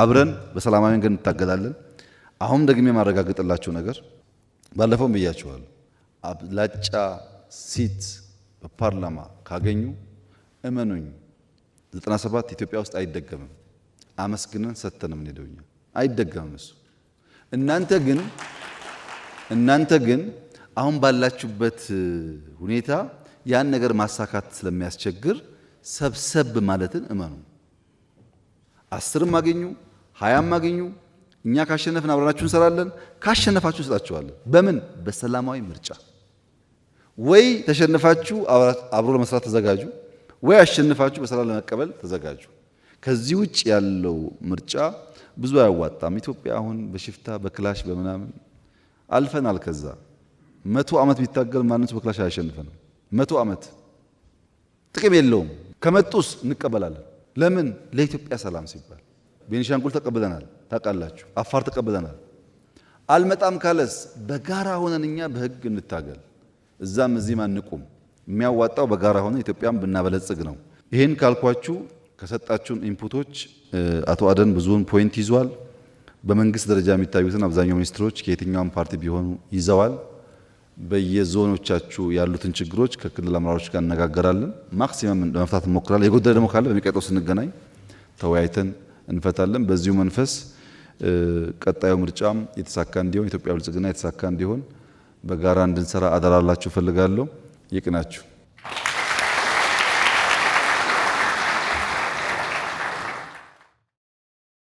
አብረን በሰላማዊ መንገድ እንታገላለን። አሁን ደግሜ የማረጋግጥላችሁ ነገር ባለፈውም ብያችኋል። አብላጫ ሲት በፓርላማ ካገኙ እመኑኝ 97 ኢትዮጵያ ውስጥ አይደገምም። አመስግነን ሰተንም እንሄደውኛ አይደገምም እሱ። እናንተ ግን እናንተ ግን አሁን ባላችሁበት ሁኔታ ያን ነገር ማሳካት ስለሚያስቸግር ሰብሰብ ማለትን እመኑ። አስርም አገኙ ሀያም አገኙ እኛ ካሸነፍን አብራራችሁ እንሰራለን። ካሸነፋችሁ እንሰጣችኋለን። በምን በሰላማዊ ምርጫ። ወይ ተሸንፋችሁ አብሮ ለመስራት ተዘጋጁ፣ ወይ አሸንፋችሁ በሰላም ለመቀበል ተዘጋጁ። ከዚህ ውጭ ያለው ምርጫ ብዙ አያዋጣም። ኢትዮጵያ አሁን በሽፍታ በክላሽ በምናምን አልፈናል። ከዛ መቶ ዓመት ቢታገል ማንሱ በክላሽ አያሸንፈንም። መቶ ዓመት ጥቅም የለውም። ከመጡስ እንቀበላለን። ለምን? ለኢትዮጵያ ሰላም ሲባል ቤኒሻንጉል ተቀብለናል፣ ታውቃላችሁ። አፋር ተቀብለናል። አልመጣም ካለስ በጋራ ሆነን እኛ በህግ እንታገል። እዛም እዚህም አንቁም። የሚያዋጣው በጋራ ሆነ ኢትዮጵያም ብናበለጽግ ነው። ይህን ካልኳችሁ ከሰጣችሁን ኢንፑቶች አቶ አደን ብዙውን ፖይንት ይዟል። በመንግስት ደረጃ የሚታዩትን አብዛኛው ሚኒስትሮች ከየትኛውም ፓርቲ ቢሆኑ ይዘዋል። በየዞኖቻችሁ ያሉትን ችግሮች ከክልል አመራሮች ጋር እነጋገራለን። ማክሲመም ለመፍታት እንሞክራለን። የጎደለ ደግሞ ካለ በሚቀጥለው ስንገናኝ ተወያይተን እንፈታለን። በዚሁ መንፈስ ቀጣዩ ምርጫም የተሳካ እንዲሆን ኢትዮጵያ ብልጽግና የተሳካ እንዲሆን በጋራ እንድንሰራ አደራላችሁ እፈልጋለሁ። ይቅናችሁ።